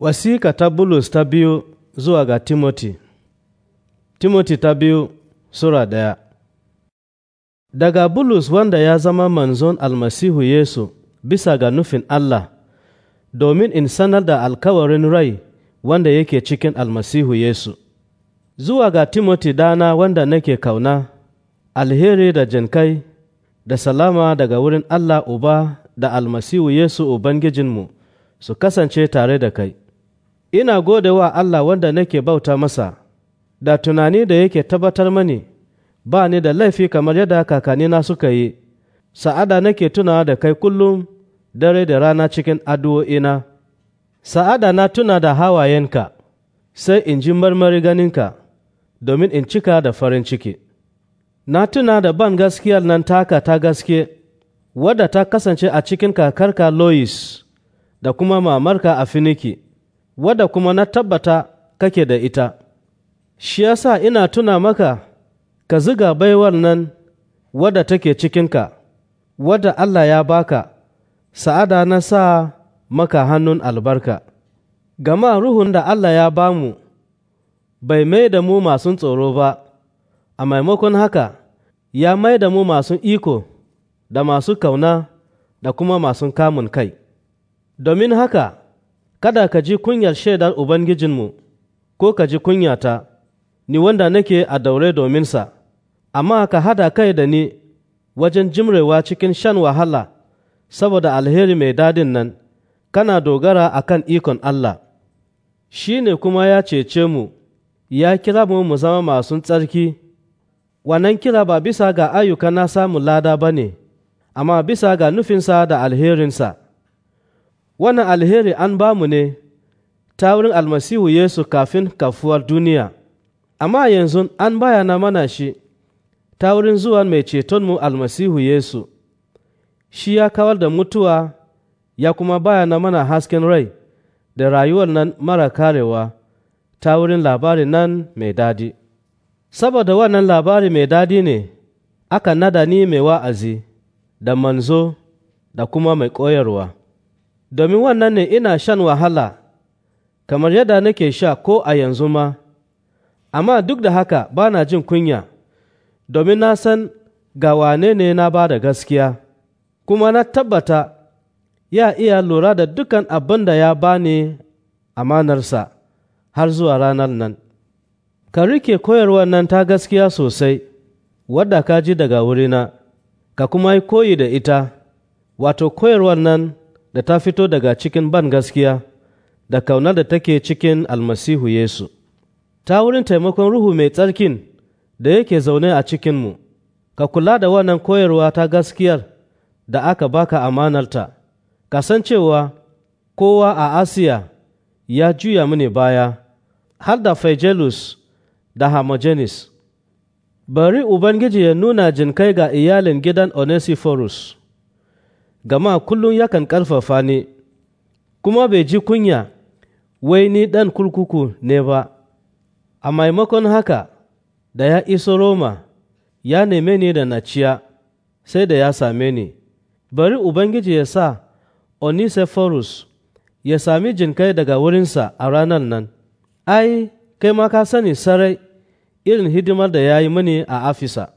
Wasika ta Bulus ta biyu zuwa ga Timoti Timoti ta biyu Sura ɗaya Daga Bulus wanda ya zama manzon almasihu Yesu bisa ga nufin Allah, domin in sanar da alkawarin rai wanda yake cikin almasihu Yesu. Zuwa ga Timoti dana wanda nake kauna, alheri da jinkai da salama daga wurin Allah Uba da almasihu Yesu Ubangijinmu su kasance tare da kai. ina gode wa Allah wanda nake bauta masa, da tunani da yake tabbatar mani ba ni da laifi kamar yadda kakannina suka yi, sa'ada nake tunawa da kai kullum dare da rana cikin addu'o'ina. Sa'ada na tuna da hawayenka, sai in ji marmari ganinka, domin in cika da farin ciki. Na tuna da ban gaskiyar nan taka ta gaske, wadda ta kasance a cikin kakarka Lois da kuma mamarka a finiki. wadda kuma na tabbata kake da ita, shi yasa ina tuna maka ka ziga baiwar nan wadda take cikinka, wadda Allah ya baka, sa'ada na sa maka hannun albarka. Gama ruhun da Allah ya bamu bai mai da mu masu tsoro ba, a maimakon haka ya mai da mu masu iko da masu kauna da kuma masu kamun kai. Domin haka, kada ka ji kunyar shaidar Ubangijinmu, ko ka ji kunyata, ni wanda nake a daure dominsa, amma ka hada kai da ni wajen jimrewa cikin shan wahala saboda alheri mai dadin nan, kana dogara a kan ikon Allah. Shi ne kuma ya cece mu, ya kira mu mu zama masu tsarki, wannan kira ba bisa ga ayyuka na samun lada ba ne, amma bisa ga nufinsa da alherinsa. wannan alheri an ba mu ne ta wurin almasihu Yesu kafin kafuwar duniya, amma yanzu an bayana mana shi ta wurin zuwan mai cetonmu almasihu Yesu, shi ya kawar da mutuwa ya kuma bayana mana hasken rai da rayuwar nan mara karewa ta wurin labari nan mai dadi. Saboda wannan labari mai dadi ne aka nada ni mai wa'azi da manzo da kuma mai koyarwa. domin wannan ne ina shan wahala, kamar yadda nake sha ko a yanzu ma, amma duk da haka ba na jin kunya, domin na san ga wane ne na ba da gaskiya, kuma na tabbata ya iya lura da dukan abin da ya bani amanarsa har zuwa ranar nan. Ka rike koyarwar nan ta gaskiya sosai, wadda ka ji daga wurina, ka kuma yi koyi da ita, wato koyarwar nan da ta fito daga cikin ban gaskiya da kauna da take cikin almasihu Yesu. Ta wurin taimakon Ruhu mai tsarkin da yake zaune a cikinmu, ka kula da wannan koyarwa ta gaskiyar da aka baka amanarta, cewa kowa a Asiya ya juya mini baya, har da Phygelus da Hermogenes. Bari Ubangiji ya nuna jinkai ga iyalin gidan Onesiphorus. gama kullum yakan ƙarfafa ne kuma bai ji kunya, wai ni ɗan kurkuku ne ba, a maimakon haka da ya iso Roma, ya neme ni da naciya, sai da ya same ni, bari Ubangiji ya sa Onisephorus ya sami jinkai daga wurinsa a ranar nan, ai, kai ma ka sani sarai irin hidimar da ya yi mini a Afisa.